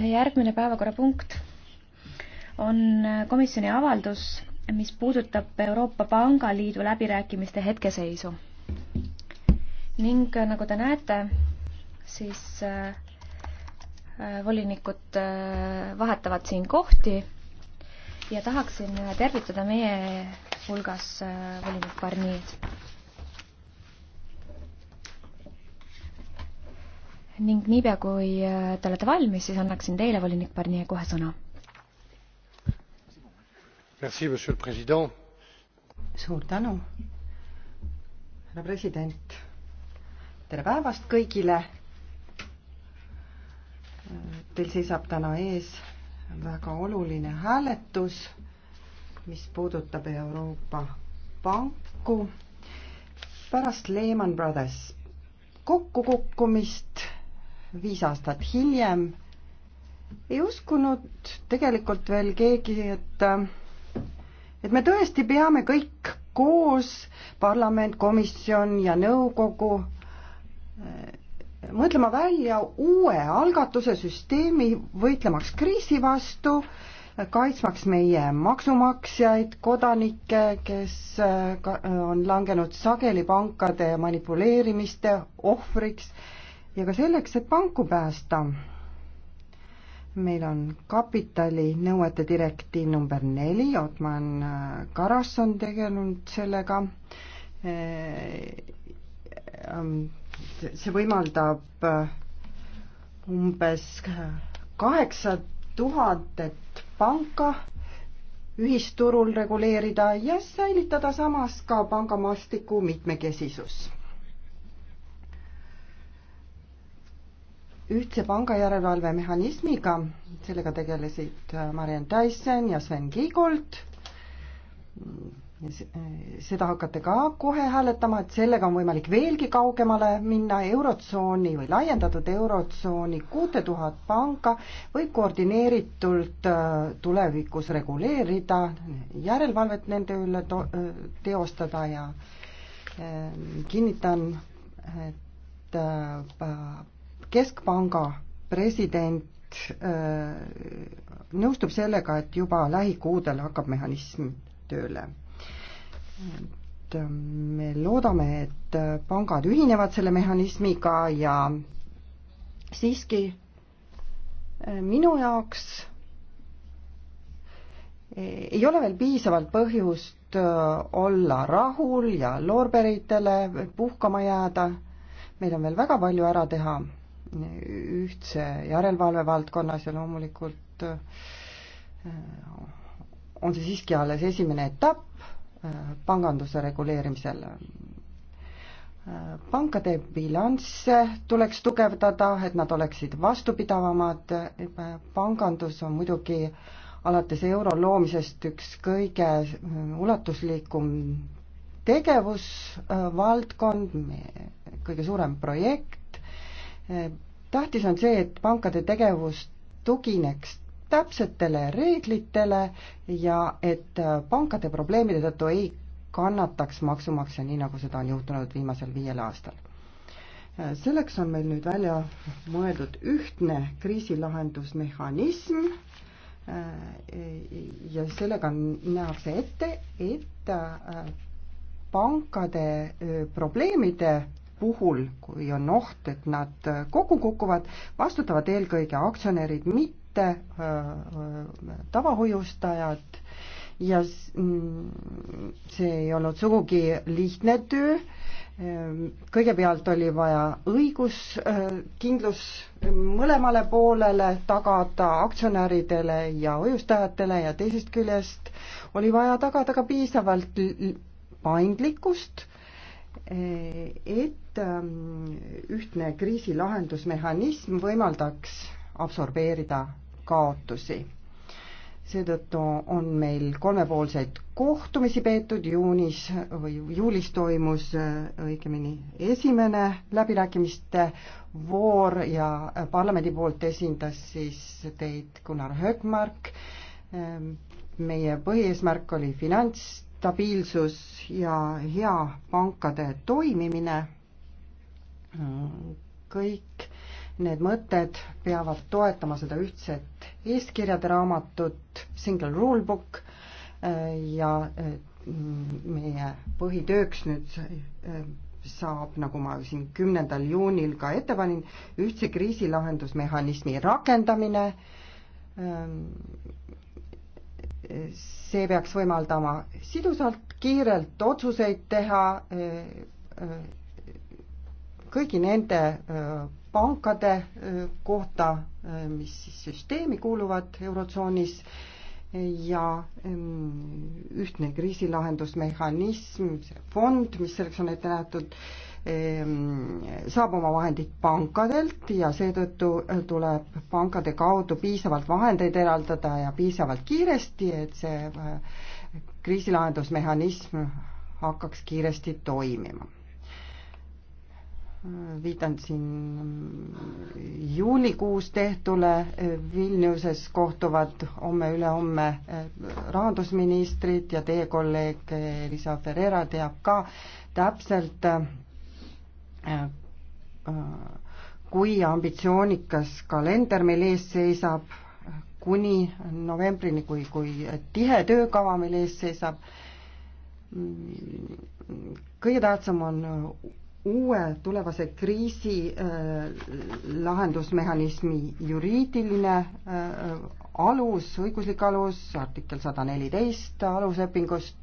järgmine päevakorrapunkt on komisjoni avaldus, mis puudutab Euroopa Pangaliidu läbirääkimiste hetkeseisu. ning nagu te näete, siis äh, volinikud äh, vahetavad siin kohti ja tahaksin tervitada meie hulgas äh, volinik Barnier'd. ning niipea, kui äh, te olete valmis, siis annaksin teile, volinik Barnier, kohe sõna. suur tänu, härra president. tere päevast kõigile. Teil seisab täna ees väga oluline hääletus, mis puudutab Euroopa panku pärast Lehman Brothers kokkukukkumist viis aastat hiljem ei uskunud tegelikult veel keegi, et et me tõesti peame kõik koos, parlament, komisjon ja nõukogu, mõtlema välja uue algatuse süsteemi võitlemaks kriisi vastu, kaitsmaks meie maksumaksjaid, kodanikke, kes on langenud sageli pankade manipuleerimiste ohvriks ja ka selleks, et panku päästa. meil on kapitalinõuete direktiiv number neli, Otman äh, Karas on tegelenud sellega. Äh, ähm, see võimaldab äh, umbes kaheksa tuhandet panka ühisturul reguleerida ja säilitada samas ka pangamastiku mitmekesisus ühtse pangajärelevalvemehhanismiga, sellega tegelesid äh, Mariann Tyson ja Sven Kiigolt. Äh, seda hakkate ka kohe hääletama, et sellega on võimalik veelgi kaugemale minna Eurotsooni või laiendatud Eurotsooni kuute tuhat panka võib koordineeritult äh, tulevikus reguleerida, järelevalvet nende üle teostada ja kinnitan, et keskpanga president äh, nõustub sellega, et juba lähikuudel hakkab mehhanism tööle. et äh, me loodame, et äh, pangad ühinevad selle mehhanismiga ja siiski minu jaoks ei ole veel piisavalt põhjust olla rahul ja loorberitele puhkama jääda. meil on veel väga palju ära teha ühtse järelevalve valdkonnas ja loomulikult äh, on see siiski alles esimene etapp äh, panganduse reguleerimisel. Äh, pankade bilansse tuleks tugevdada, et nad oleksid vastupidavamad, pangandus on muidugi alates euro loomisest üks kõige ulatuslikum tegevusvaldkond, kõige suurem projekt, tähtis on see, et pankade tegevus tugineks täpsetele reeglitele ja et pankade probleemide tõttu ei kannataks maksumaksja, nii nagu seda on juhtunud viimasel viiel aastal. selleks on meil nüüd välja mõeldud ühtne kriisilahendusmehhanism ja sellega nähakse ette, et pankade probleemide puhul, kui on oht, et nad kokku kukuvad, vastutavad eelkõige aktsionärid, mitte äh, tavahoiustajad ja mm, see ei olnud sugugi lihtne töö, kõigepealt oli vaja õiguskindlus mõlemale poolele tagada, aktsionäridele ja hoiustajatele ja teisest küljest oli vaja tagada ka piisavalt paindlikkust, e-, et Ähm, ühtne kriisilahendusmehhanism võimaldaks absorbeerida kaotusi. seetõttu on meil kolmepoolseid kohtumisi peetud juunis või juulis toimus äh, õigemini esimene läbirääkimiste voor ja äh, parlamendi poolt esindas siis teid Gunnar Högmark. Ähm, meie põhieesmärk oli finantsstabiilsus ja hea pankade toimimine kõik need mõtted peavad toetama seda ühtset eeskirjade raamatut, single rule book ja mm, meie põhitööks nüüd äh, saab, nagu ma siin kümnendal juunil ka ette panin, ühtse kriisilahendusmehhanismi rakendamine. Ähm, see peaks võimaldama sidusalt, kiirelt otsuseid teha äh, äh, kõigi nende pankade kohta, mis siis süsteemi kuuluvad Eurotsoonis ja mm, ühtne kriisilahendusmehhanism, see fond, mis selleks on ette nähtud, saab oma vahendid pankadelt ja seetõttu tuleb pankade kaudu piisavalt vahendeid eraldada ja piisavalt kiiresti, et see kriisilahendusmehhanism hakkaks kiiresti toimima viitan siin juulikuus tehtule, Vilniuses kohtuvad homme-ülehomme eh, rahandusministrid ja teie kolleeg Elisa Ferreira teab ka täpselt, eh, kui ambitsioonikas kalender meil ees seisab, kuni novembrini, kui, kui tihe töökava meil ees seisab. kõige tähtsam on uue tulevase kriisi äh, lahendusmehhanismi juriidiline äh, alus, õiguslik alus, artikkel sada neliteist aluslepingust.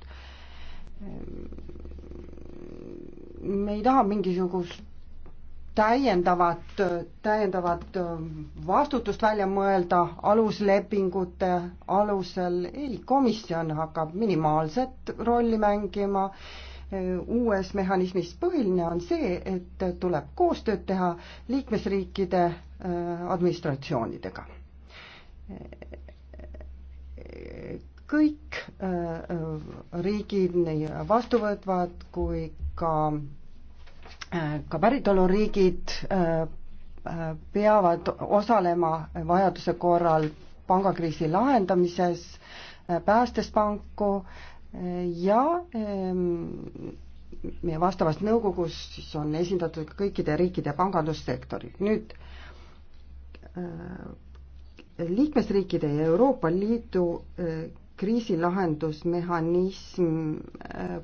me ei taha mingisugust täiendavat, täiendavat äh, vastutust välja mõelda aluslepingute alusel, ei, komisjon hakkab minimaalset rolli mängima äh, uues mehhanismis. põhiline on see, et tuleb koostööd teha liikmesriikide äh, administratsioonidega. kõik äh, riigid, nii vastuvõtvad kui ka, äh, ka päritoluriigid peavad osalema vajaduse korral pangakriisi lahendamises, päästes panku äh, ja ehm, meie vastavas nõukogus siis on esindatud kõikide riikide pangandussektorid. nüüd ehm, liikmesriikide ja Euroopa Liidu ehm, kriisilahendusmehhanism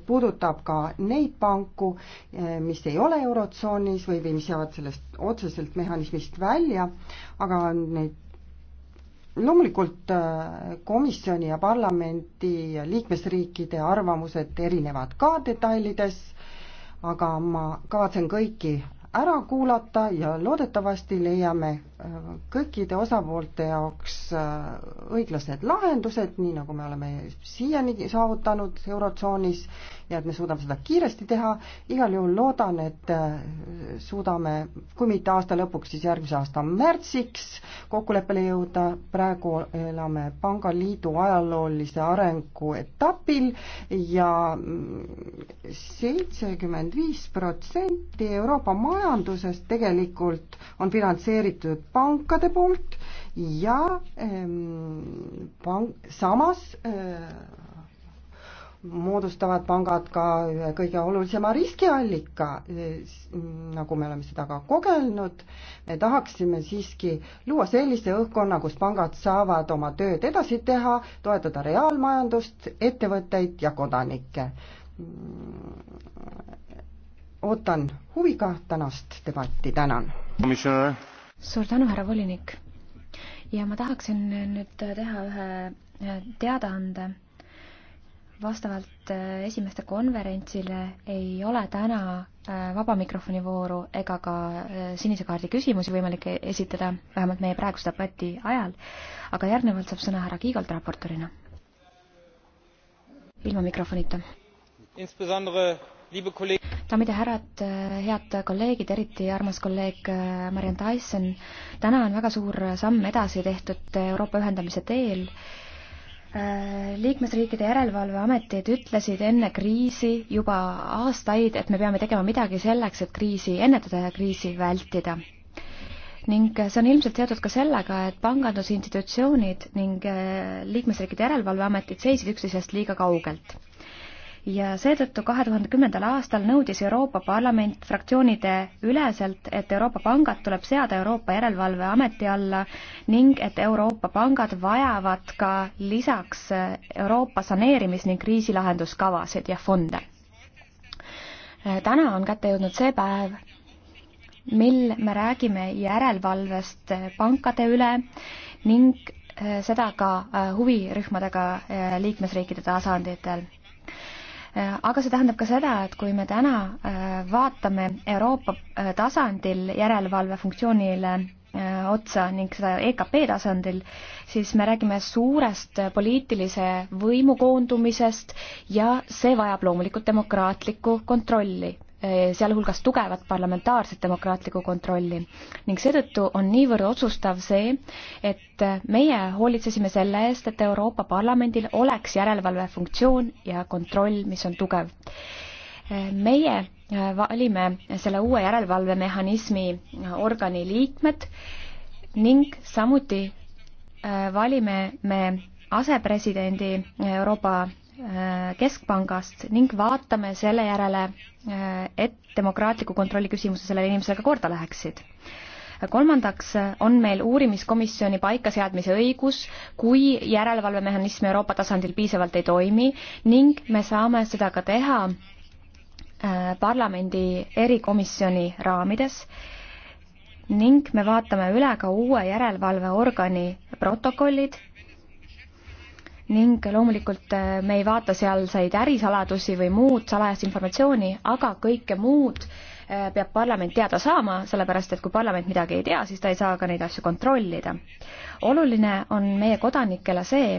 puudutab ka neid panku, mis ei ole Eurotsoonis või, või mis jäävad sellest otseselt mehhanismist välja, aga neid loomulikult äh, komisjoni ja parlamendi liikmesriikide arvamused erinevad ka detailides, aga ma kavatsen kõiki ära kuulata ja loodetavasti leiame äh, kõikide osapoolte jaoks äh, õiglased lahendused, nii nagu me oleme siiani saavutanud Eurotsoonis ja et me suudame seda kiiresti teha. igal juhul loodan, et äh, suudame, kui mitte aasta lõpuks, siis järgmise aasta märtsiks kokkuleppele jõuda. praegu elame pangaliidu ajaloolise arengu etapil ja mm, seitsekümmend viis protsenti Euroopa majandusest majandusest tegelikult on finantseeritud pankade poolt ja ähm, pank, samas äh, moodustavad pangad ka ühe kõige olulisema riskiallika, nagu me oleme seda ka kogenud. me tahaksime siiski luua sellise õhkkonna, kus pangad saavad oma tööd edasi teha, toetada reaalmajandust, ettevõtteid ja kodanikke ootan huviga tänast debatti, tänan. suur tänu, härra volinik. ja ma tahaksin nüüd teha ühe teadaande. vastavalt äh, esimeste konverentsile ei ole täna äh, vaba mikrofoni vooru ega ka äh, sinise kaardi küsimusi võimalik e-, esitada, vähemalt meie praeguse debati ajal. aga järgnevalt saab sõna härra Kiigolt raportorina. ilma mikrofonita daamid ja härrad, head kolleegid, eriti armas kolleeg äh, Mariann Tyson, täna on väga suur samm edasi tehtud Euroopa ühendamise teel äh, liikmesriikide järelevalveametid ütlesid enne kriisi juba aastaid, et me peame tegema midagi selleks, et kriisi ennetada ja kriisi vältida. ning äh, see on ilmselt seotud ka sellega, et pangandusinstitutsioonid ning liikmesriikide järelevalveametid seisid üksteisest liiga kaugelt ja seetõttu kahe tuhande kümnendal aastal nõudis Euroopa Parlament fraktsioonide üleselt, et Euroopa pangad tuleb seada Euroopa Järelevalveameti alla ning et Euroopa pangad vajavad ka lisaks Euroopa saneerimis- ning kriisilahenduskavasid ja fonde. täna on kätte jõudnud see päev, mil me räägime järelevalvest pankade üle ning seda ka huvirühmadega liikmesriikide tasanditel aga see tähendab ka seda, et kui me täna äh, vaatame Euroopa äh, tasandil järelevalve funktsioonile äh, otsa ning seda EKP tasandil, siis me räägime suurest poliitilise võimu koondumisest ja see vajab loomulikult demokraatlikku kontrolli. Eh, sealhulgas tugevat parlamentaarset demokraatlikku kontrolli. ning seetõttu on niivõrd otsustav see, et meie hoolitsesime selle eest, et Euroopa Parlamendil oleks järelevalve funktsioon ja kontroll, mis on tugev. Eh, meie eh, valime selle uue järelevalvemehhanismi organi liikmed ning samuti valime me asepresidendi Euroopa Äh, keskpangast ning vaatame selle järele, äh, et demokraatliku kontrolli küsimuse sellele inimesele ka korda läheksid. kolmandaks on meil uurimiskomisjoni paikaseadmise õigus, kui järelevalvemehhanism Euroopa tasandil piisavalt ei toimi ning me saame seda ka teha äh, parlamendi erikomisjoni raamides ning me vaatame üle ka uue järelevalveorgani protokollid ning loomulikult äh, me ei vaata sealseid ärisaladusi või muud salajast informatsiooni, aga kõike muud äh, peab parlament teada saama, sellepärast et kui parlament midagi ei tea, siis ta ei saa ka neid asju kontrollida. oluline on meie kodanikele see,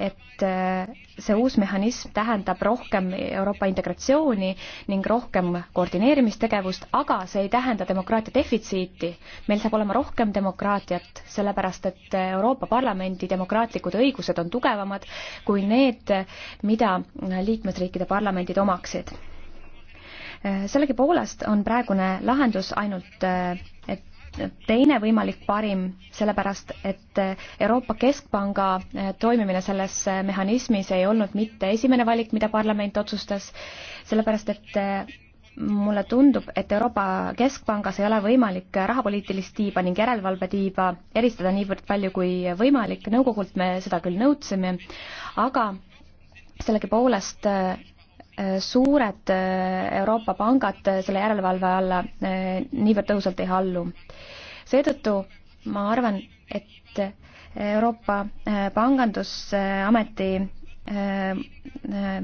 et äh, see uus mehhanism tähendab rohkem Euroopa integratsiooni ning rohkem koordineerimistegevust, aga see ei tähenda demokraatia defitsiiti. meil saab olema rohkem demokraatiat, sellepärast et Euroopa Parlamendi demokraatlikud õigused on tugevamad kui need, mida liikmesriikide parlamendid omaksid. Äh, sellegipoolest on praegune lahendus ainult äh, teine võimalik parim, sellepärast et Euroopa Keskpanga eh, toimimine selles eh, mehhanismis ei olnud mitte esimene valik, mida parlament otsustas, sellepärast et eh, mulle tundub, et Euroopa Keskpangas ei ole võimalik rahapoliitilist tiiba ning järelevalvetiiba eristada niivõrd palju kui võimalik, nõukogult me seda küll nõudsime, aga sellegipoolest suured äh, Euroopa pangad äh, selle järelevalve alla äh, niivõrd tõhusalt ei hallu. seetõttu ma arvan, et Euroopa Pangandusameti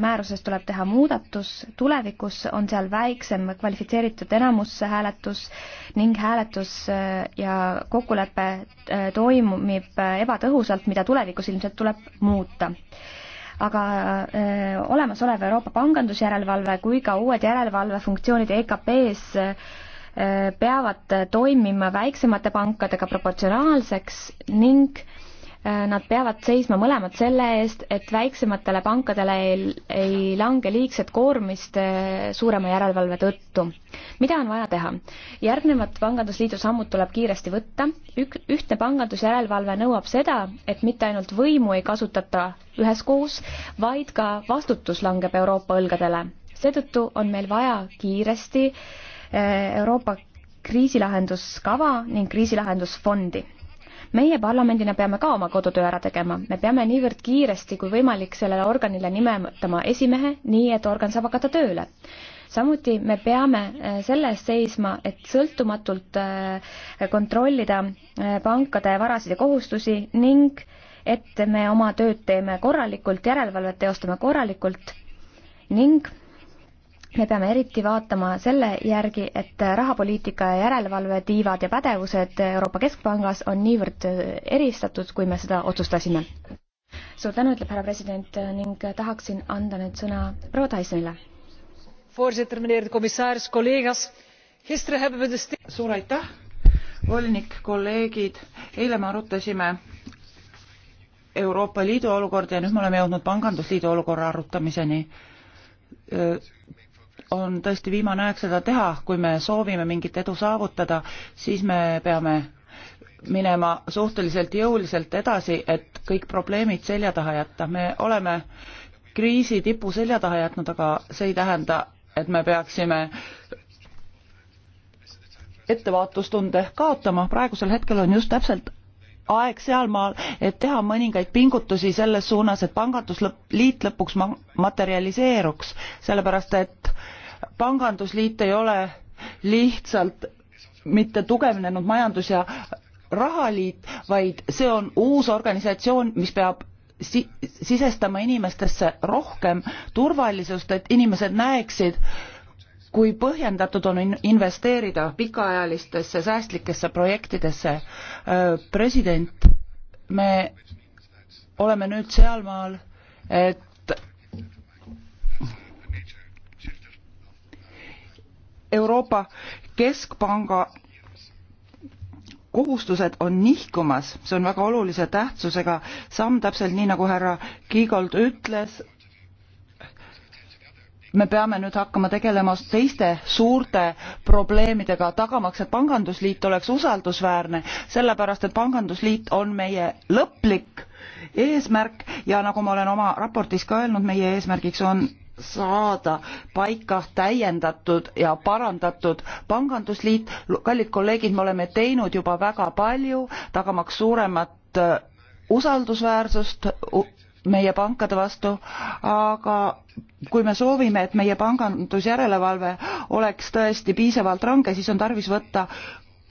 määruses tuleb teha muudatus, tulevikus on seal väiksem kvalifitseeritud enamusse hääletus ning hääletus ja kokkulepe toimub ebatõhusalt, mida tulevikus ilmselt tuleb muuta aga äh, olemasolev Euroopa pangandusjärelevalve kui ka uued järelevalvefunktsioonid EKP-s äh, peavad toimima väiksemate pankadega proportsionaalseks ning äh, Äh, nad peavad seisma mõlemad selle eest, et väiksematele pankadele ei, ei lange liigset koormist äh, suurema järelevalve tõttu. mida on vaja teha? järgnevad pangandusliidu sammud tuleb kiiresti võtta. Ük-, ühtne pangandusjärelevalve nõuab seda, et mitte ainult võimu ei kasutata üheskoos, vaid ka vastutus langeb Euroopa õlgadele. seetõttu on meil vaja kiiresti äh, Euroopa kriisilahenduskava ning kriisilahendusfondi meie parlamendina peame ka oma kodutöö ära tegema, me peame niivõrd kiiresti kui võimalik sellele organile nimetama esimehe, nii et organ saab hakata tööle samuti me peame äh, selle eest seisma, et sõltumatult äh, kontrollida äh, pankade varasid ja kohustusi ning et me oma tööd teeme korralikult, järelevalvet teostame korralikult ning me peame eriti vaatama selle järgi, et rahapoliitika ja järelevalve tiivad ja pädevused Euroopa Keskpangas on niivõrd eristatud, kui me seda otsustasime. suur tänu, ütleb härra president ning tahaksin anda nüüd sõna proua Tysonile. suur aitäh, volinik, kolleegid, eile me arutasime Euroopa Liidu olukorda ja nüüd me oleme jõudnud pangandusliidu olukorra arutamiseni on tõesti viimane aeg seda teha, kui me soovime mingit edu saavutada, siis me peame minema suhteliselt jõuliselt edasi, et kõik probleemid selja taha jätta. me oleme kriisi tipu selja taha jätnud, aga see ei tähenda, et me peaksime ettevaatustunde kaotama, praegusel hetkel on just täpselt aeg sealmaal, et teha mõningaid pingutusi selles suunas, et pangandusliit lõpuks materialiseeruks, sellepärast et pangandusliit ei ole lihtsalt mitte tugevnenud majandus ja rahaliit, vaid see on uus organisatsioon, mis peab si sisestama inimestesse rohkem turvalisust, et inimesed näeksid, kui põhjendatud on investeerida pikaajalistesse säästlikesse projektidesse. president, me oleme nüüd sealmaal, et Euroopa Keskpanga kohustused on nihkumas, see on väga olulise tähtsusega samm, täpselt nii nagu härra Kiigold ütles, me peame nüüd hakkama tegelema teiste suurte probleemidega tagamaks et pangandusliit oleks usaldusväärne sellepärast et pangandusliit on meie lõplik eesmärk ja nagu ma olen oma raportis ka öelnud meie eesmärgiks on saada paika täiendatud ja parandatud pangandusliit. kallid kolleegid, me oleme teinud juba väga palju, tagamaks suuremat äh, usaldusväärsust meie pankade vastu, aga kui me soovime, et meie pangandusjärelevalve oleks tõesti piisavalt range, siis on tarvis võtta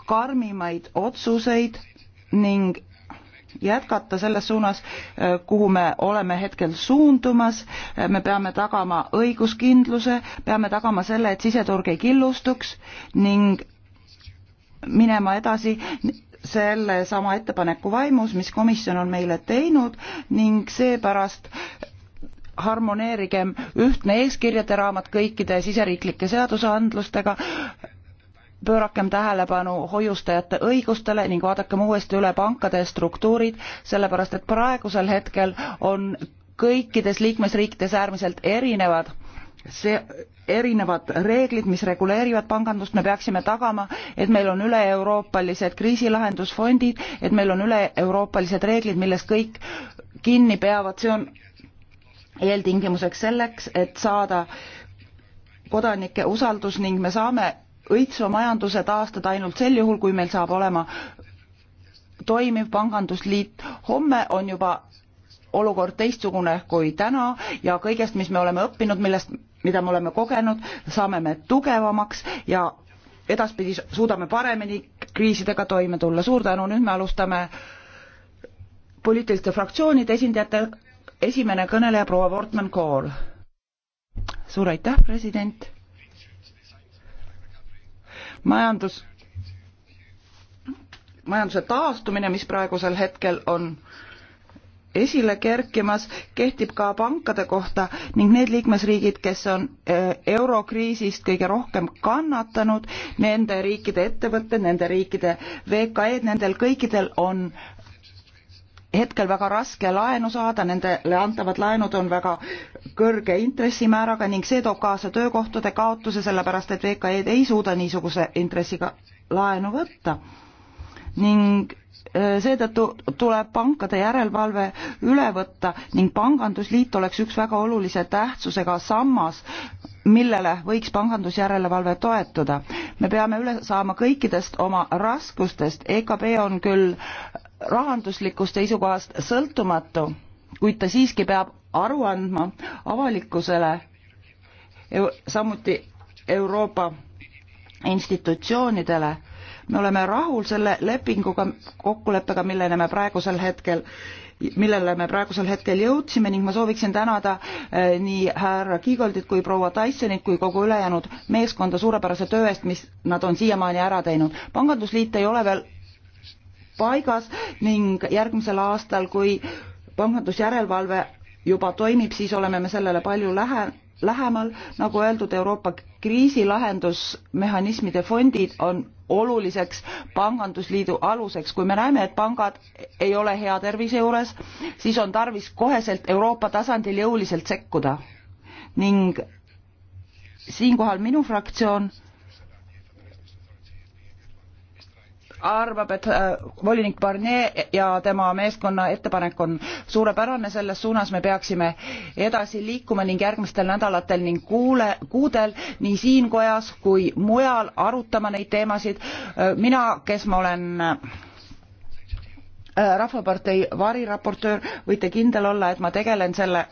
karmimaid otsuseid ning jätkata selles suunas, äh, kuhu me oleme hetkel suundumas, äh, me peame tagama õiguskindluse, peame tagama selle, et siseturg ei killustuks ning minema edasi sellesama ettepaneku vaimus, mis komisjon on meile teinud ning seepärast harmoneerigem ühtne eeskirjade raamat kõikide siseriiklike seadusandlustega pöörakem tähelepanu hoiustajate õigustele ning vaadakem uuesti üle pankade struktuurid sellepärast et praegusel hetkel on kõikides liikmesriikides äärmiselt erinevad see erinevad reeglid mis reguleerivad pangandust me peaksime tagama et meil on üleeuroopalised kriisilahendusfondid et meil on üleeuroopalised reeglid millest kõik kinni peavad see on eeltingimuseks selleks et saada kodanike usaldus ning me saame õitsva majanduse taastada ainult sel juhul, kui meil saab olema toimiv pangandusliit. homme on juba olukord teistsugune kui täna ja kõigest, mis me oleme õppinud, millest, mida me oleme kogenud, saame me tugevamaks ja edaspidi suudame paremini kriisidega toime tulla. suur tänu, nüüd me alustame poliitiliste fraktsioonide esindajate esimene kõneleja proua Wortmann Kool. suur aitäh, president majandus, majanduse taastumine, mis praegusel hetkel on esile kerkimas, kehtib ka pankade kohta ning need liikmesriigid, kes on eh, eurokriisist kõige rohkem kannatanud, nende riikide ettevõtted, nende riikide VKE-d, nendel kõikidel on hetkel väga raske laenu saada, nendele antavad laenud on väga kõrge intressimääraga ning see toob kaasa töökohtade kaotuse, sellepärast et VKE-d ei suuda niisuguse intressiga laenu võtta. ning äh, seetõttu tuleb pankade järelevalve üle võtta ning pangandusliit oleks üks väga olulise tähtsusega sammas, millele võiks pangandusjärelevalve toetuda. me peame üle saama kõikidest oma raskustest, EKB on küll rahanduslikust seisukohast sõltumatu, kuid ta siiski peab aru andma avalikkusele, samuti Euroopa institutsioonidele. me oleme rahul selle lepinguga, kokkuleppega, millele me praegusel hetkel millele me praegusel hetkel jõudsime ning ma sooviksin tänada eh, nii härra Kiigoldit kui proua Tysonit kui kogu ülejäänud meeskonda suurepärase töö eest, mis nad on siiamaani ära teinud. pangandusliit ei ole veel paigas ning järgmisel aastal, kui pangandusjärelevalve juba toimib, siis oleme me sellele palju lähe, lähemal. nagu öeldud, Euroopa kriisilahendusmehhanismide fondid on oluliseks pangandusliidu aluseks. kui me näeme, et pangad ei ole hea tervise juures, siis on tarvis koheselt Euroopa tasandil jõuliselt sekkuda. ning siinkohal minu fraktsioon arvab, et äh, volinik Barnier ja tema meeskonna ettepanek on suurepärane, selles suunas me peaksime edasi liikuma ning järgmistel nädalatel ning kuule, kuudel nii siin kojas kui mujal arutama neid teemasid. Äh, mina, kes ma olen äh, rahvapartei variraportöör, võite kindel olla, et ma tegelen selle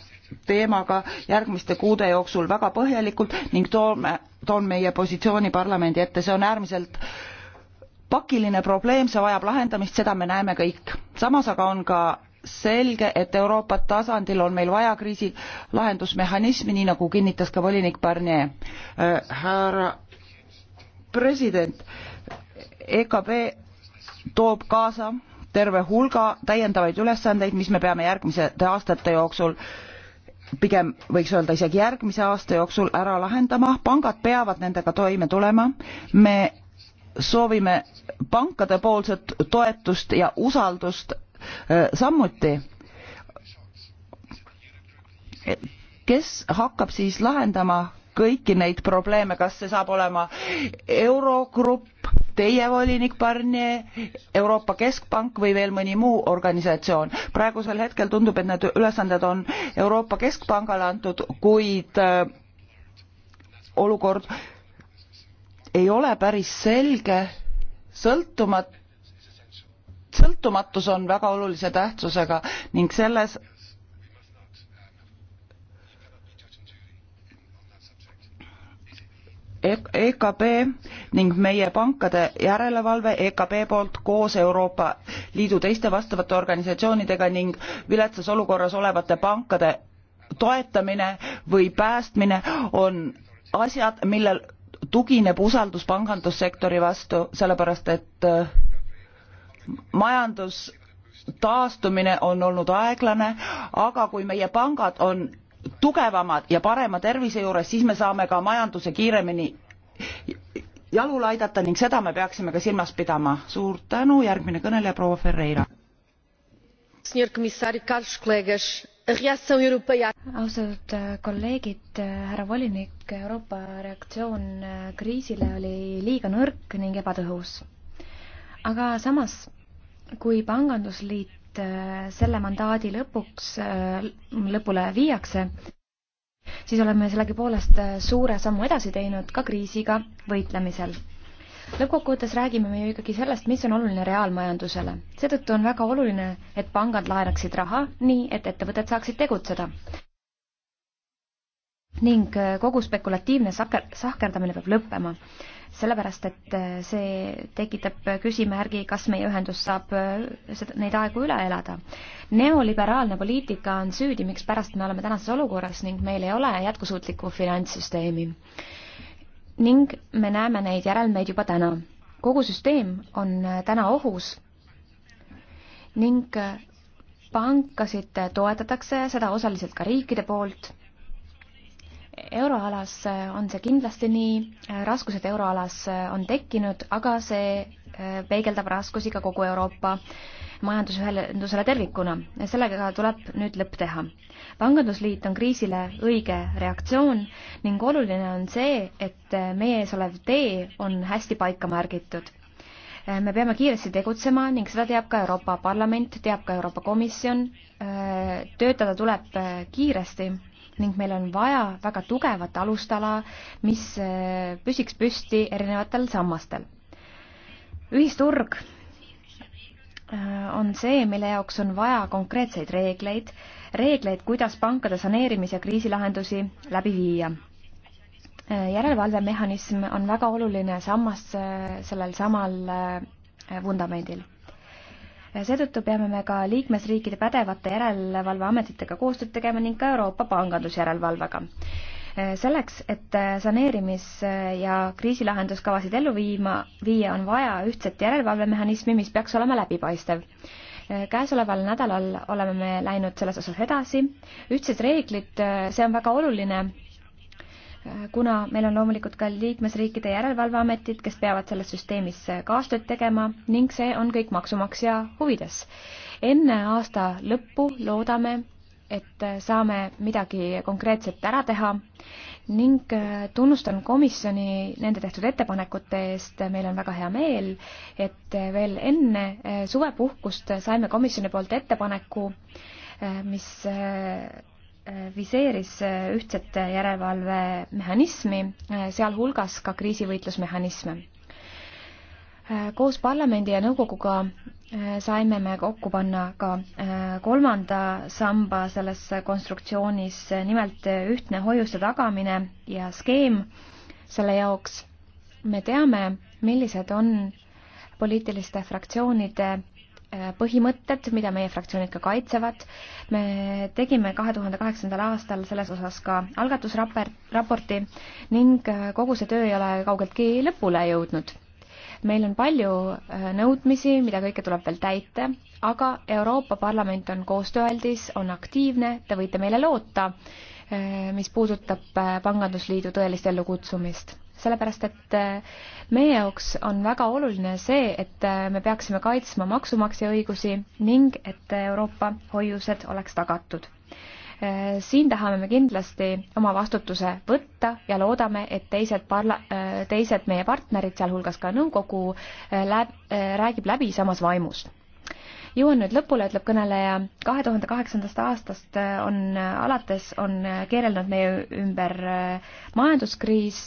teemaga järgmiste kuude jooksul väga põhjalikult ning toome, toon meie positsiooni parlamendi ette, see on äärmiselt äh, pakiline probleem, see vajab lahendamist, seda me näeme kõik. samas aga on ka selge, et Euroopa tasandil on meil vaja kriisi lahendusmehhanismi, nii nagu kinnitas ka volinik Barnier. Äh, härra president, EKB toob kaasa terve hulga täiendavaid ülesandeid, mis me peame järgmisete aastate jooksul pigem võiks öelda isegi järgmise aasta jooksul ära lahendama, pangad peavad nendega toime tulema, me soovime pankade poolset toetust ja usaldust samuti kes hakkab siis lahendama kõiki neid probleeme kas see saab olema eurogrupp teie volinik barnier euroopa keskpank või veel mõni muu organisatsioon praegusel hetkel tundub et need ülesanded on euroopa keskpangale antud kuid olukord ei ole päris selge, sõltumat-, sõltumatus on väga olulise tähtsusega ning selles EKB e ning meie pankade järelevalve EKB poolt koos Euroopa Liidu teiste vastavate organisatsioonidega ning viletsas olukorras olevate pankade toetamine või päästmine on asjad, millel tugineb usaldus pangandussektori vastu, sellepärast et äh, majandus taastumine on olnud aeglane, aga kui meie pangad on tugevamad ja parema tervise juures, siis me saame ka majanduse kiiremini jalule aidata ning seda me peaksime ka silmas pidama. suur tänu, järgmine kõneleja proua Ferreira austatud äh, kolleegid, äh, härra volinik, Euroopa reaktsioon äh, kriisile oli liiga nõrk ning ebatõhus. aga samas, kui pangandusliit selle mandaadi lõpuks, lõpule viiakse, siis oleme sellegipoolest suure sammu edasi teinud ka kriisiga võitlemisel lõppkokkuvõttes räägime me ju ikkagi sellest, mis on oluline reaalmajandusele. seetõttu on väga oluline, et pangad laenaksid raha nii, et ettevõtted saaksid tegutseda. ning äh, kogu spekulatiivne sahker, sahkerdamine peab lõppema. sellepärast, et äh, see tekitab äh, küsimärgi, kas meie ühendus saab seda, neid aegu üle elada. neoliberaalne poliitika on süüdi, mikspärast me oleme tänases olukorras ning meil ei ole jätkusuutlikku finantssüsteemi ning me näeme neid järelmeid juba täna. kogu süsteem on äh, täna ohus ning äh, pankasid toetatakse, seda osaliselt ka riikide poolt. euroalas äh, on see kindlasti nii, raskused euroalas on tekkinud, aga see peegeldab raskusi ka kogu Euroopa äh, majandusühendusele tervikuna. sellega tuleb nüüd lõpp teha. pangandusliit on kriisile õige reaktsioon ning oluline on see, et meie ees olev tee on hästi paika märgitud me peame kiiresti tegutsema ning seda teab ka Euroopa Parlament, teab ka Euroopa Komisjon. töötada tuleb kiiresti ning meil on vaja väga tugevat alustala, mis püsiks püsti erinevatel sammastel. ühisturg Äh, on see, mille jaoks on vaja konkreetseid reegleid, reegleid, kuidas pankade saneerimis- ja kriisilahendusi läbi viia. Äh, järelevalvemehhanism on väga oluline sammas äh, sellel samal vundamendil seetõttu peame me ka liikmesriikide pädevate järelevalveametitega koostööd tegema ning ka Euroopa pangandusjärelevalvega. Äh, selleks, et äh, saneerimis- ja kriisilahenduskavasid ellu viima, viia, on vaja ühtset järelevalvemehhanismi, mis peaks olema läbipaistev äh, käesoleval nädalal oleme me läinud selles osas edasi. ühtsed reeglid, see on väga oluline, kuna meil on loomulikult ka liikmesriikide järelevalveametid, kes peavad selles süsteemis kaastööd tegema ning see on kõik maksumaksja huvides. enne aasta lõppu loodame, et saame midagi konkreetset ära teha ning äh, tunnustan komisjoni nende tehtud ettepanekute eest, meil on väga hea meel, et veel enne äh, suvepuhkust saime komisjoni poolt ettepaneku, äh, mis viseeris ühtset järelevalvemehhanismi, sealhulgas ka kriisivõitlusmehhanisme Äh, koos parlamendi ja nõukoguga äh, saime me kokku panna ka äh, kolmanda samba selles konstruktsioonis, nimelt ühtne hoiuste tagamine ja skeem selle jaoks. me teame, millised on poliitiliste fraktsioonide põhimõtted, mida meie fraktsioonid ka kaitsevad. me tegime kahe tuhande kaheksandal aastal selles osas ka algatusraporti ning kogu see töö ei ole kaugeltki lõpule jõudnud meil on palju äh, nõudmisi, mida kõike tuleb veel täita, aga Euroopa Parlament on koostööaldis, on aktiivne, te võite meile loota, äh, mis puudutab äh, Pangandusliidu tõelist ellukutsumist sellepärast, et meie jaoks on väga oluline see, et me peaksime kaitsma maksumaksja õigusi ning et Euroopa hoiused oleks tagatud. Äh, siin tahame me kindlasti oma vastutuse võtta ja loodame, et teised parla-, äh, teised meie partnerid, sealhulgas ka nõukogu, äh, läb-, räägib läbi samas vaimus jõuan nüüd lõpule, ütleb kõneleja. kahe tuhande kaheksandast aastast on alates, on keerelnud meie ümber majanduskriis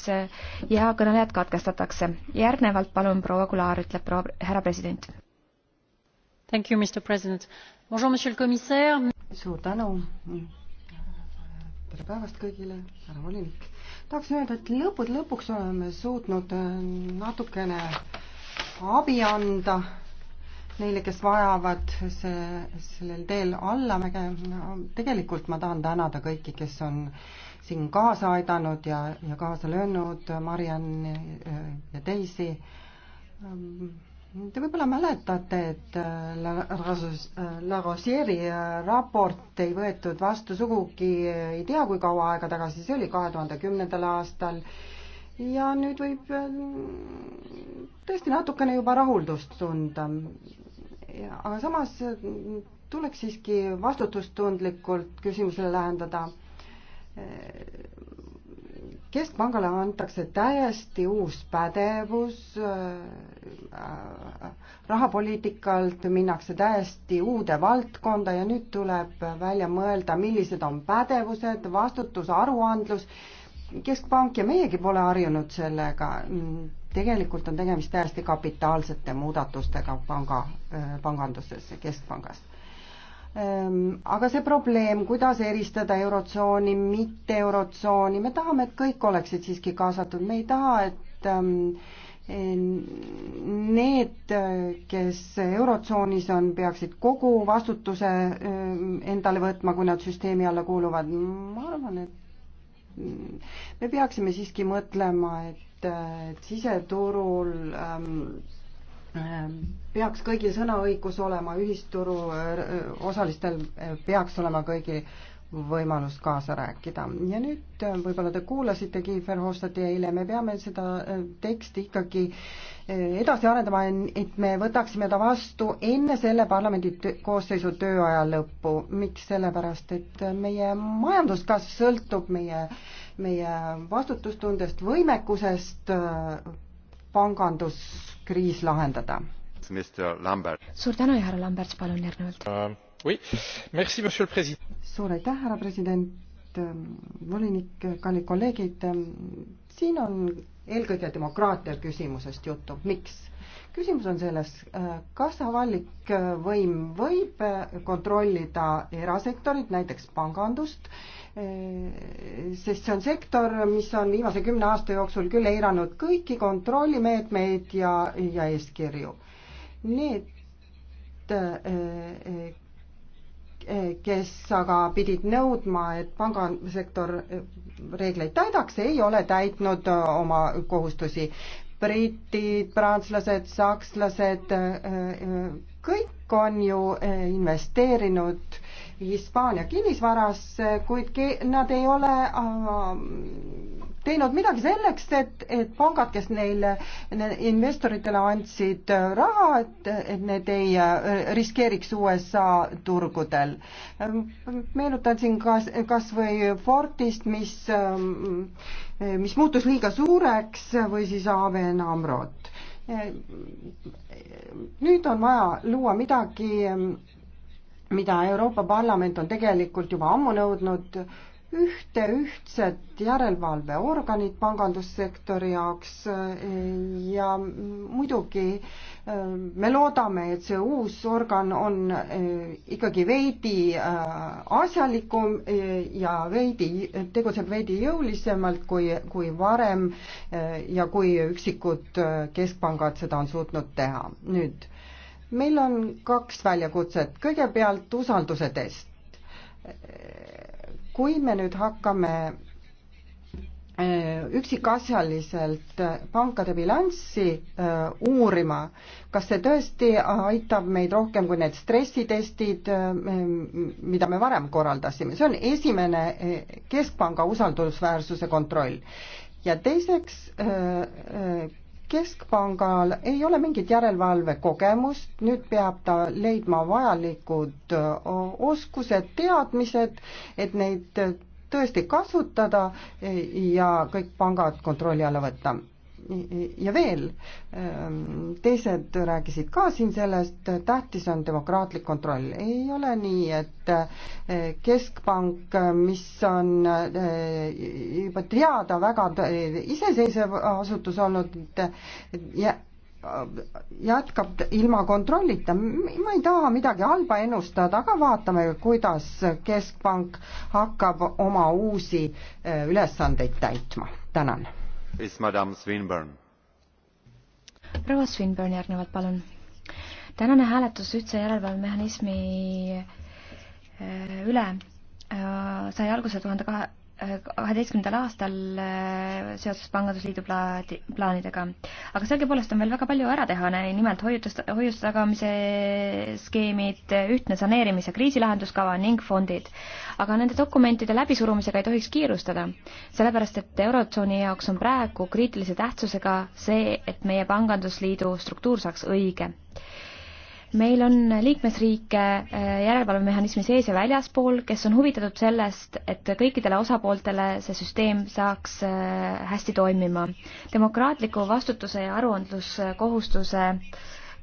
ja kõnelejad katkestatakse. järgnevalt palun proua Kulaar, ütleb proua, härra president. Thank you, Mr President. Bonjour, Monsieur le Commissaire. suur tänu, tere päevast kõigile, härra volinik. tahaksin öelda, et lõppude lõpuks oleme suutnud äh, natukene abi anda neile, kes vajavad see, sellel teel allamäge no,. tegelikult ma tahan tänada kõiki, kes on siin kaasa aidanud ja, ja kaasa löönud, Mariann äh, ja teisi. Ähm, Te võib-olla mäletate, et äh, äh, La Rosieri äh, raport ei võetud vastu sugugi ei tea kui kaua aega tagasi, see oli kahe tuhande kümnendal aastal ja nüüd võib tõesti natukene juba rahuldust tunda. aga samas tuleks siiski vastutustundlikult küsimusele lähendada keskpangale antakse täiesti uus pädevus, äh, rahapoliitikalt minnakse täiesti uude valdkonda ja nüüd tuleb välja mõelda, millised on pädevused, vastutus, aruandlus. keskpank ja meiegi pole harjunud sellega. tegelikult on tegemist täiesti kapitaalsete muudatustega panga, äh, panganduses, keskpangas Ehm, aga see probleem, kuidas eristada Eurotsooni, mitte Eurotsooni, me tahame, et kõik oleksid siiski kaasatud, me ei taha, et ehm, need, kes Eurotsoonis on, peaksid kogu vastutuse ehm, endale võtma, kui nad süsteemi alla kuuluvad. ma arvan, et me peaksime siiski mõtlema, et, et siseturul ähm, Ehm, peaks kõigil sõnaõigus olema, ühisturu äh, osalistel äh, peaks olema kõigil võimalus kaasa rääkida. ja nüüd äh, võib-olla te kuulasite Kiefer Hofstadti eile, me peame seda teksti ikkagi edasi arendama, et me võtaksime ta vastu enne selle parlamendi koosseisu tööaja lõppu. miks, sellepärast et meie majanduskasv sõltub meie, meie vastutustundest, võimekusest, pangandus kriis lahendada. suur tänu ja härra Lamberts, palun järgnevalt uh,. Oui. suur aitäh, härra president, ähm, volinik, kallid kolleegid, ähm, siin on eelkõige demokraatia küsimusest juttu, miks? küsimus on selles, äh, kas avalik äh, võim võib äh, kontrollida erasektorit, näiteks pangandust, sest see on sektor, mis on viimase kümne aasta jooksul küll eiranud kõiki kontrollimeetmeid ja, ja eeskirju. Need, kes aga pidid nõudma, et pangasektor reegleid täidaks, ei ole täitnud oma kohustusi britid, prantslased, sakslased, kõik on ju eh, investeerinud Hispaania kinnisvarasse, kuid nad ei ole ah, teinud midagi selleks, et, et pangad, kes neile ne, investoritele andsid eh, raha, et, et need ei eh, riskeeriks USA turgudel. meenutan siin kas, kas või Fortist, mis mis muutus liiga suureks või siis ABN Amrot. nüüd on vaja luua midagi, mida Euroopa Parlament on tegelikult juba ammu nõudnud, ühte ühtset järelevalveorganit pangandussektori jaoks eh, ja muidugi eh, me loodame, et see uus organ on eh, ikkagi veidi asjalikum ja veidi, tegutseb veidi jõulisemalt kui, kui varem ja kui üksikud keskpangad seda on suutnud teha. nüüd, meil on kaks väljakutset, kõigepealt usalduse test kui me nüüd hakkame äh, üksikasjaliselt pankade bilanssi äh, uurima, kas see tõesti aitab meid rohkem kui need stressitestid, äh, mida me varem korraldasime, see on esimene keskpanga usaldusväärsuse kontroll. ja teiseks keskpangal ei ole mingit järelevalvekogemust, nüüd peab ta leidma vajalikud oskused, teadmised, et neid tõesti kasutada e, ja kõik pangad kontrolli alla võtta ja veel, ähm, teised rääkisid ka siin sellest, tähtis on demokraatlik kontroll. ei ole nii, et äh, keskpank, mis on äh, juba teada väga äh, iseseisev asutus olnud, jätkab ilma kontrollita. ma ei taha midagi halba ennustada, aga vaatame, kuidas keskpank hakkab oma uusi ülesandeid täitma. tänan proua Swinburne järgnevalt, palun. tänane hääletus ühtse järelevalvemehhanismi äh, üle äh, sai alguse tuhande kahe, kaheteistkümnendal aastal äh, seoses pangandusliidu plaadi, plaanidega. aga sellegipoolest on veel väga palju ära teha, nimelt hoiutust, hoiuste tagamise skeemid, ühtne saneerimise kriisilahenduskava ning fondid. aga nende dokumentide läbisurumisega ei tohiks kiirustada, sellepärast et Eurotsooni jaoks on praegu kriitilise tähtsusega see, et meie pangandusliidu struktuur saaks õige meil on liikmesriike äh, järelevalvemehhanismi sees ja väljaspool, kes on huvitatud sellest, et kõikidele osapooltele see süsteem saaks äh, hästi toimima. demokraatliku vastutuse ja aruandluskohustuse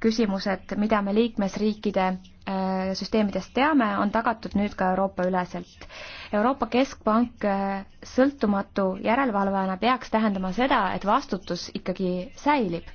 küsimused, mida me liikmesriikide äh, süsteemidest teame, on tagatud nüüd ka Euroopa üleselt. Euroopa Keskpank sõltumatu järelevalvajana peaks tähendama seda, et vastutus ikkagi säilib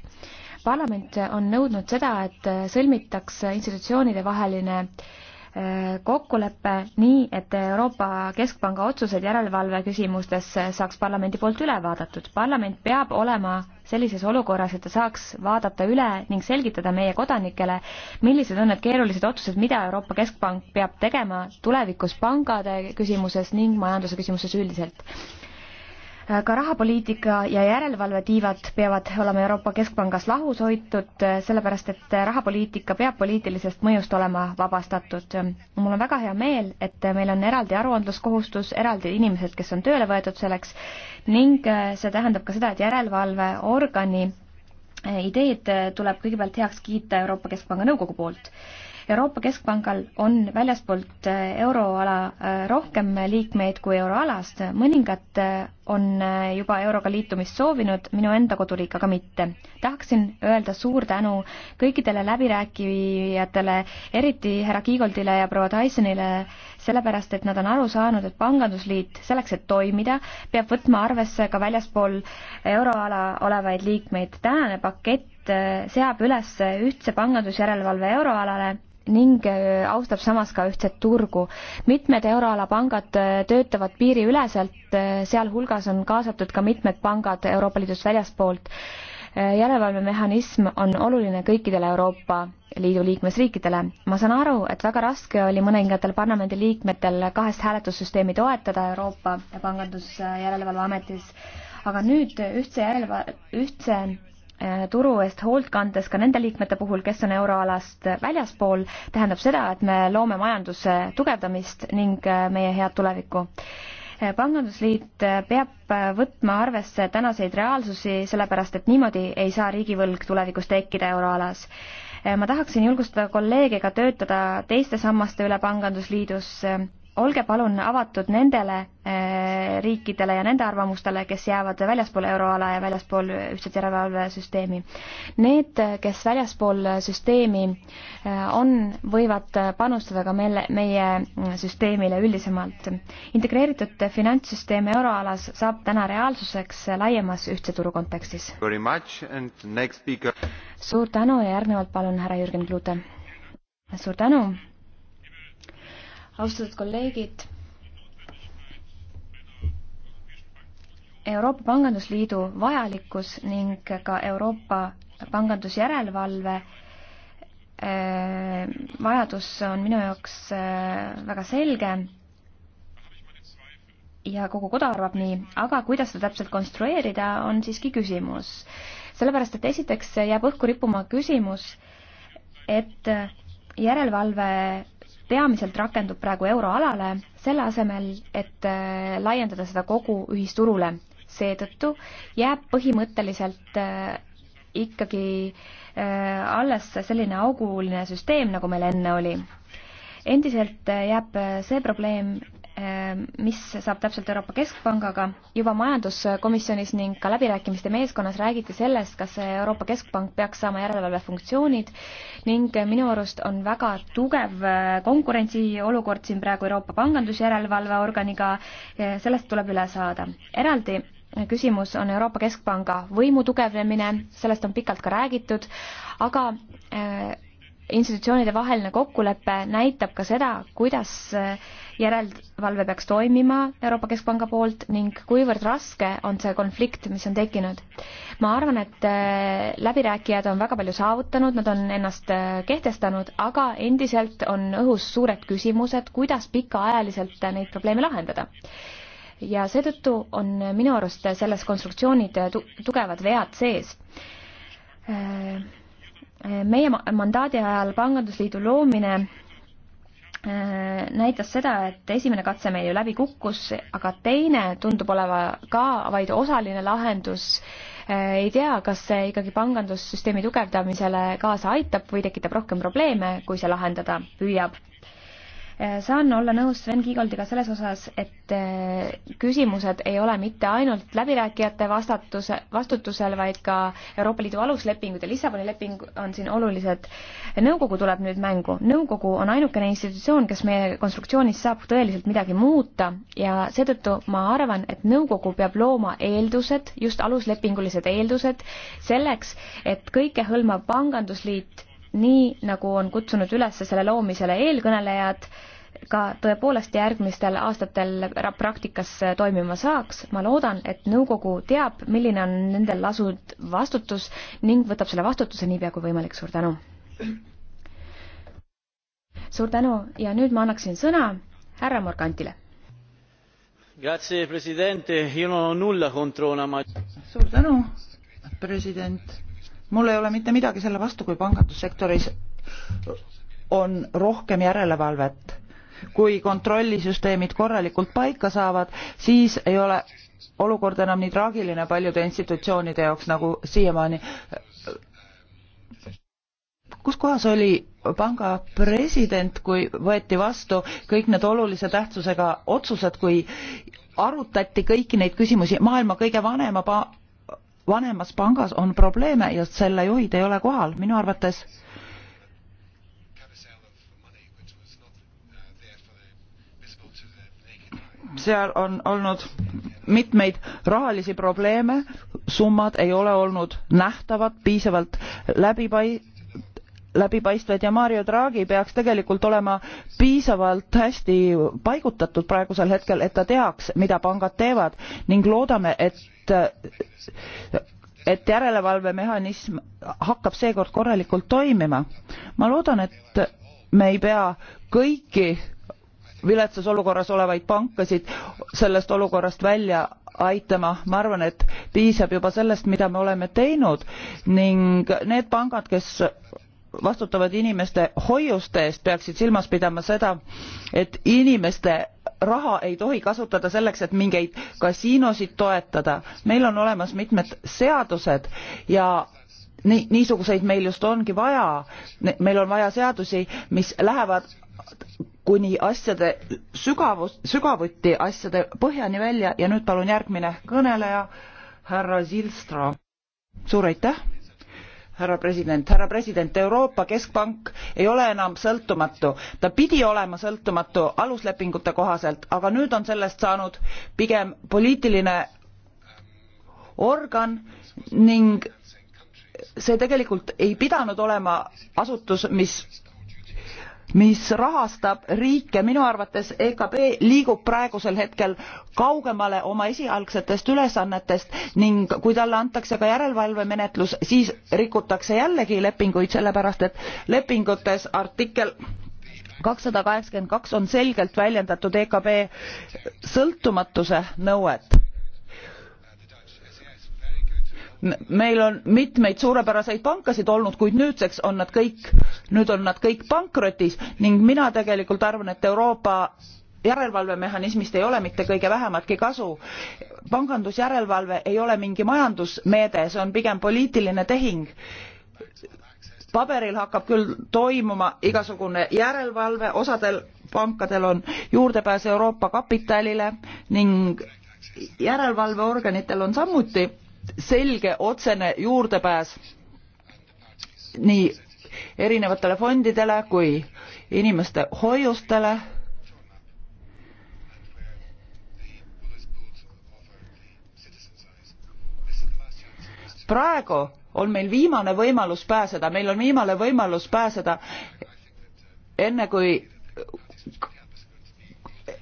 parlament on nõudnud seda, et sõlmitaks institutsioonide vaheline äh, kokkulepe nii, et Euroopa Keskpanga otsused järelevalve küsimustes saaks parlamendi poolt üle vaadatud. parlament peab olema sellises olukorras, et ta saaks vaadata üle ning selgitada meie kodanikele, millised on need keerulised otsused, mida Euroopa Keskpank peab tegema tulevikus pangade küsimuses ning majanduse küsimuses üldiselt ka rahapoliitika ja järelevalvetiivad peavad olema Euroopa Keskpangas lahus hoitud, sellepärast et rahapoliitika peab poliitilisest mõjust olema vabastatud. mul on väga hea meel, et meil on eraldi aruandluskohustus, eraldi inimesed, kes on tööle võetud selleks ning see tähendab ka seda, et järelevalveorgani ideed tuleb kõigepealt heaks kiita Euroopa Keskpanga nõukogu poolt Euroopa Keskpangal on väljaspoolt äh, euroala äh, rohkem liikmeid kui euroalast, mõningad äh, on juba euroga liitumist soovinud, minu enda koduriik aga mitte. tahaksin öelda suur tänu kõikidele läbirääkijatele, eriti härra Kiigoldile ja proua Tysonile, sellepärast et nad on aru saanud, et pangandusliit selleks, et toimida, peab võtma arvesse ka väljaspool euroala olevaid liikmeid. tänane pakett seab üles ühtse pangandusjärelevalve euroalale ning äh, austab samas ka ühtset turgu. mitmed euroala pangad äh, töötavad piiriüleselt, äh, sealhulgas on kaasatud ka mitmed pangad Euroopa Liidust väljaspoolt. järelevalvemehhanism on oluline kõikidele Euroopa Liidu liikmesriikidele. ma saan aru, et väga raske oli mõningatel parlamendiliikmetel kahest hääletussüsteemi toetada Euroopa Pangandusjärelevalveametis, aga nüüd ühtse järelevalve, ühtse Äh, turu eest hoolt kandes ka nende liikmete puhul, kes on euroalast väljaspool, tähendab seda, et me loome majanduse tugevdamist ning äh, meie head tulevikku. Äh, pangandusliit peab võtma arvesse tänaseid reaalsusi, sellepärast et niimoodi ei saa riigivõlg tulevikus tekkida euroalas ma tahaksin julgustada kolleege ka töötada teiste sammaste üle pangandusliidus olge palun avatud nendele eh, riikidele ja nende arvamustele, kes jäävad väljaspool euroala ja väljaspool ühtset järelevalvesüsteemi. Need, kes väljaspool süsteemi eh, on, võivad panustada ka meile, meie süsteemile üldisemalt. integreeritud finantssüsteem euroalas saab täna reaalsuseks laiemas ühtse turu kontekstis. suur tänu ja järgnevalt palun härra Jürgen Klute. suur tänu austatud kolleegid. Euroopa Pangandusliidu vajalikkus ning ka Euroopa pangandusjärelevalve eh, vajadus on minu jaoks eh, väga selge ja kogu koda arvab nii, aga kuidas seda täpselt konstrueerida, on siiski küsimus. sellepärast, et esiteks jääb õhku rippuma küsimus, et järelevalve peamiselt rakendub praegu euroalale, selle asemel, et äh, laiendada seda kogu ühisturule. seetõttu jääb põhimõtteliselt äh, ikkagi äh, alles selline auguline süsteem, nagu meil enne oli. endiselt jääb see probleem, Ehm, mis saab täpselt Euroopa Keskpangaga. juba majanduskomisjonis ning ka läbirääkimiste meeskonnas räägiti sellest, kas Euroopa Keskpank peaks saama järelevalvefunktsioonid ning minu arust on väga tugev eh, konkurentsiolukord siin praegu Euroopa pangandusjärelevalveorganiga, eh, sellest tuleb üle saada. eraldi eh, küsimus on Euroopa Keskpanga võimu tugevnemine, sellest on pikalt ka räägitud, aga institutsioonide vaheline kokkulepe näitab ka seda, kuidas äh, järelevalve peaks toimima Euroopa Keskpanga poolt ning kuivõrd raske on see konflikt, mis on tekkinud. ma arvan, et äh, läbirääkijad on väga palju saavutanud, nad on ennast äh, kehtestanud, aga endiselt on õhus suured küsimused, kuidas pikaajaliselt äh, neid probleeme lahendada ja seetõttu on minu arust selles konstruktsioonid tugevad vead sees. meie mandaadi ajal pangandusliidu loomine Äh, näitas seda, et esimene katse meil ju läbi kukkus, aga teine tundub oleva ka vaid osaline lahendus. Äh, ei tea, kas see ikkagi pangandussüsteemi tugevdamisele kaasa aitab või tekitab rohkem probleeme, kui see lahendada püüab Äh, saan olla nõus Sven Kiigoldiga selles osas, et äh, küsimused ei ole mitte ainult läbirääkijate vastatuse, vastutusel, vaid ka Euroopa Liidu aluslepingud ja Lissaboni leping on siin olulised. nõukogu tuleb nüüd mängu. nõukogu on ainukene institutsioon, kes meie konstruktsioonis saab tõeliselt midagi muuta ja seetõttu ma arvan, et nõukogu peab looma eeldused, just aluslepingulised eeldused, selleks, et kõikehõlmav pangandusliit nii nagu on kutsunud üles selle loomisele eelkõnelejad, ka tõepoolest järgmistel aastatel praktikas äh, toimima saaks. ma loodan, et nõukogu teab, milline on nendel lasud vastutus ning võtab selle vastutuse niipea kui võimalik. suur tänu! suur tänu ja nüüd ma annaksin sõna härra Morgantile. suur tänu, president mul ei ole mitte midagi selle vastu, kui pangandussektoris on rohkem järelevalvet. kui kontrollisüsteemid korralikult paika saavad, siis ei ole olukord enam nii traagiline paljude institutsioonide jaoks nagu siiamaani. kus kohas oli panga president, kui võeti vastu kõik need olulise tähtsusega otsused, kui arutati kõiki neid küsimusi, maailma kõige vanema pa vanemas pangas on probleeme ja selle juhid ei ole kohal minu arvates seal on olnud mitmeid rahalisi probleeme summad ei ole olnud nähtavad piisavalt läbipai- läbipaistvad ja Mario Draghi peaks tegelikult olema piisavalt hästi paigutatud praegusel hetkel, et ta teaks, mida pangad teevad ning loodame, et et järelevalvemehhanism hakkab seekord korralikult toimima. ma loodan, et me ei pea kõiki viletsas olukorras olevaid pankasid sellest olukorrast välja aitama ma arvan et piisab juba sellest mida me oleme teinud ning need pangad kes vastutavad inimeste hoiuste eest peaksid silmas pidama seda et inimeste raha ei tohi kasutada selleks et mingeid kasiinosid toetada meil on olemas mitmed seadused ja nii niisuguseid meil just ongi vaja meil on vaja seadusi mis lähevad kuni asjade sügavus sügavuti asjade põhjani välja ja nüüd palun järgmine kõneleja härra Zilstra suur aitäh härra president härra president euroopa keskpank ei ole enam sõltumatu ta pidi olema sõltumatu aluslepingute kohaselt aga nüüd on sellest saanud pigem poliitiline organ ning see tegelikult ei pidanud olema asutus mis mis rahastab riike minu arvates ekb liigub praegusel hetkel kaugemale oma esialgsetest ülesannetest ning kui talle antakse ka järelevalvemenetlus siis rikutakse jällegi lepinguid sellepärast et lepingutes artikkel on selgelt väljendatud ekb sõltumatuse nõuet meil on mitmeid suurepäraseid pankasid olnud kuid nüüdseks on nad kõik nüüd on nad kõik pankrotis ning mina tegelikult arvan et euroopa järelevalvemehhanismist ei ole mitte kõige vähematki kasu pangandusjärelevalve ei ole mingi majandusmeede see on pigem poliitiline tehing paberil hakkab küll toimuma igasugune järelevalve osadel pankadel on juurdepääs euroopa kapitalile ning järelevalveorganitel on samuti selge otsene juurdepääs nii erinevatele fondidele kui inimeste hoiustele praegu on meil viimane võimalus pääseda meil on viimane võimalus pääseda enne kui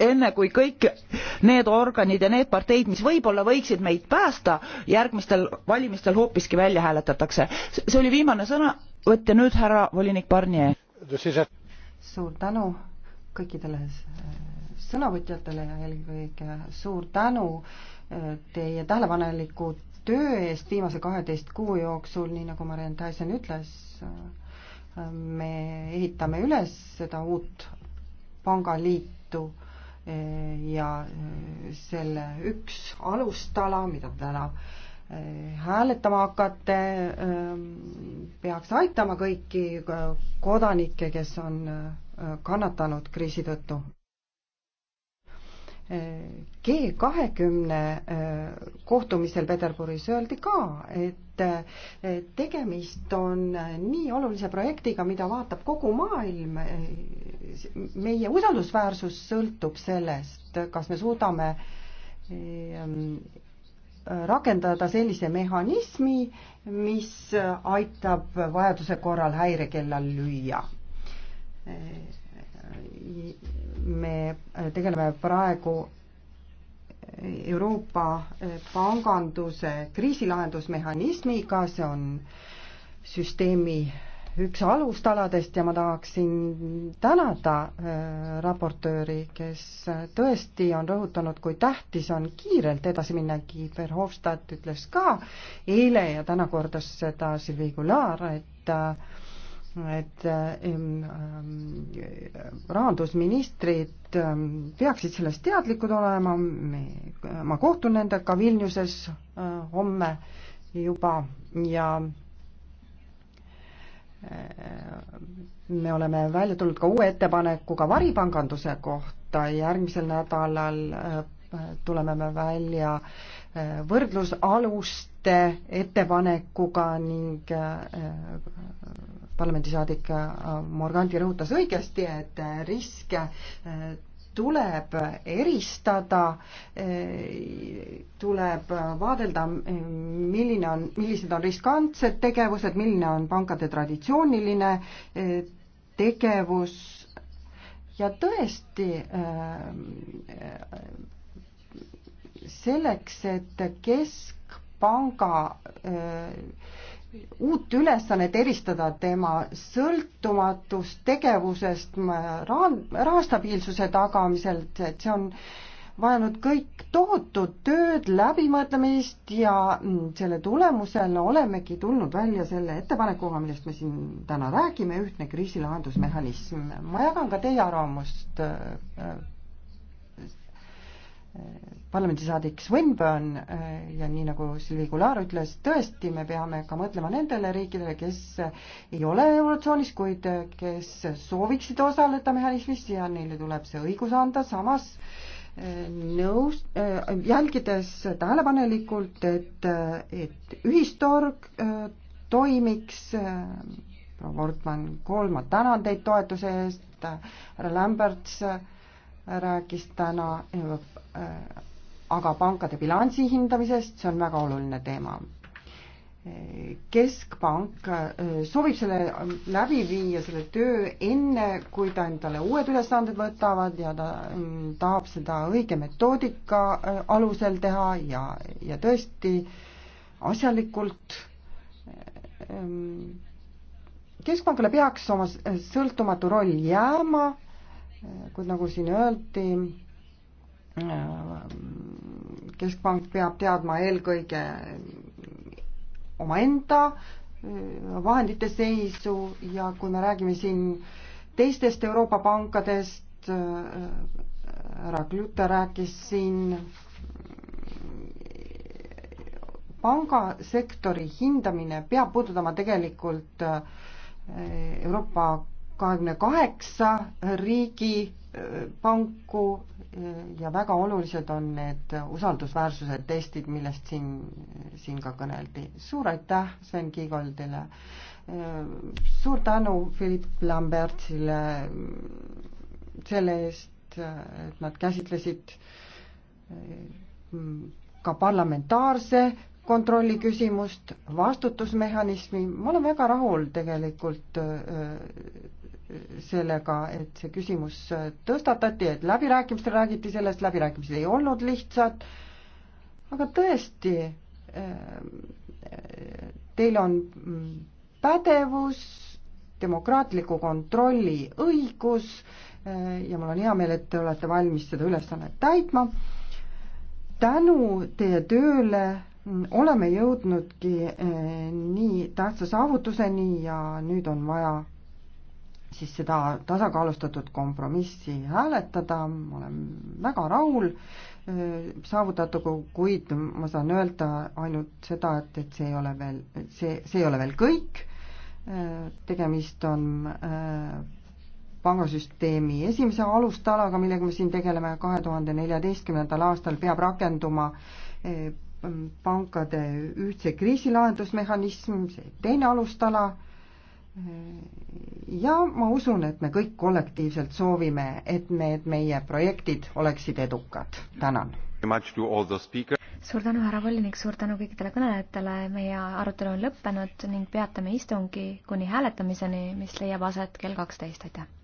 enne kui kõik need organid ja need parteid mis võibolla võiksid meid päästa järgmistel valimistel hoopiski välja hääletatakse see oli viimane sõnavõtt ja nüüd härra volinik Barnier suur tänu kõikidele sõnavõtjatele ja eelkõige suur tänu eh, teie tähelepaneliku töö eest viimase kaheteist kuu jooksul, nii nagu Mariann Tyson ütles, eh, me ehitame üles seda uut pangaliitu Eh, ja eh, selle üks alustala, mida täna eh, hääletama hakata, peaks aitama kõiki kodanikke, kes on kannatanud kriisi tõttu. G kahekümne äh, kohtumisel Peterburis öeldi ka, et äh, tegemist on äh, nii olulise projektiga, mida vaatab kogu maailm. meie usaldusväärsus sõltub sellest, kas me suudame ähm, rakendada sellise mehhanismi, mis aitab vajaduse korral häirekella lüüa me tegeleme praegu Euroopa panganduse kriisilahendusmehhanismiga, see on süsteemi üks alustaladest ja ma tahaksin tänada äh, raportööri, kes tõesti on rõhutanud, kui tähtis on kiirelt edasi minna, Kiefer Hofstadt ütles ka eile ja täna kordas seda Sylvie Goulart, et äh, et ähm, ähm, rahandusministrid ähm, peaksid sellest teadlikud olema, me, ma kohtun nendega Vilniuses äh, homme juba ja äh, me oleme välja tulnud ka uue ettepanekuga varipanganduse kohta, järgmisel nädalal äh, tuleme me välja võrdlusaluste ettepanekuga ning parlamendisaadik äh, Morganti rõhutas õigesti, et äh, riske äh, tuleb eristada, tuleb vaadelda, milline on, millised on riskantsed tegevused, milline on pankade traditsiooniline tegevus ja tõesti selleks, et keskpanga uut ülesannet eristada tema sõltumatust tegevusest rahastabiilsuse tagamiselt, et see on vajanud kõik tohutut tööd, läbimõtlemist ja selle tulemusel olemegi tulnud välja selle ettepanekuga, millest me siin täna räägime, ühtne kriisilahendusmehhanism. ma jagan ka teie arvamust parlamendisaadik Swinburne äh, ja nii nagu Silvi Kular ütles, tõesti, me peame ka mõtlema nendele riikidele, kes ei ole eurotsoonis, kuid äh, kes sooviksid osaleda mehhanismis ja neile tuleb see õigus anda, samas äh, nõus, jälgides tähelepanelikult, et, et ühisturg toimiks. proua Wortmann-Kool, ma tänan teid toetuse eest, härra Lamberts rääkis täna Äh, aga pankade bilansi hindamisest, see on väga oluline teema. Äh, keskpank äh, soovib selle läbi viia, selle töö enne, kui ta endale uued ülesanded võtavad ja ta mm, tahab seda õige metoodika alusel teha ja, ja tõesti asjalikult ähm, keskpangale peaks oma sõltumatu roll jääma, kuid nagu siin öeldi, Äh, keskpank peab teadma eelkõige omaenda äh, vahendite seisu ja kui me räägime siin teistest Euroopa pankadest, äh, härra Klüte rääkis siin pangasektori hindamine peab puudutama tegelikult Euroopa kahekümne kaheksa riigi panku ja väga olulised on need usaldusväärsuse testid, millest siin, siin ka kõneldi. suur aitäh Sven Kiigoldile, suur tänu Philipp Lambertsile selle eest, et nad käsitlesid mm, ka parlamentaarse kontrolli küsimust, vastutusmehhanismi, ma olen väga rahul tegelikult sellega, et see küsimus tõstatati, et läbirääkimistel räägiti sellest, läbirääkimised ei olnud lihtsad, aga tõesti, eh, teil on pädevus, demokraatliku kontrolli õigus eh, ja mul on hea meel, et te olete valmis seda ülesannet täitma. tänu teie tööle oleme jõudnudki eh, nii tähtsa saavutuseni ja nüüd on vaja siis seda tasakaalustatud kompromissi hääletada, ma olen väga rahul äh, saavutatuga, kuid ma saan öelda ainult seda, et, et see ei ole veel, see, see ei ole veel kõik, äh, tegemist on äh, pangasüsteemi esimese alustalaga, millega me siin tegeleme, kahe tuhande neljateistkümnendal aastal peab rakenduma pankade ühtse kriisilahendusmehhanism, see teine alustala ja ma usun, et me kõik kollektiivselt soovime, et need meie projektid oleksid edukad. tänan. suur tänu, härra volinik, suur tänu kõikidele kõnelejatele, meie arutelu on lõppenud ning peatame istungi kuni hääletamiseni, mis leiab aset kell kaksteist, aitäh!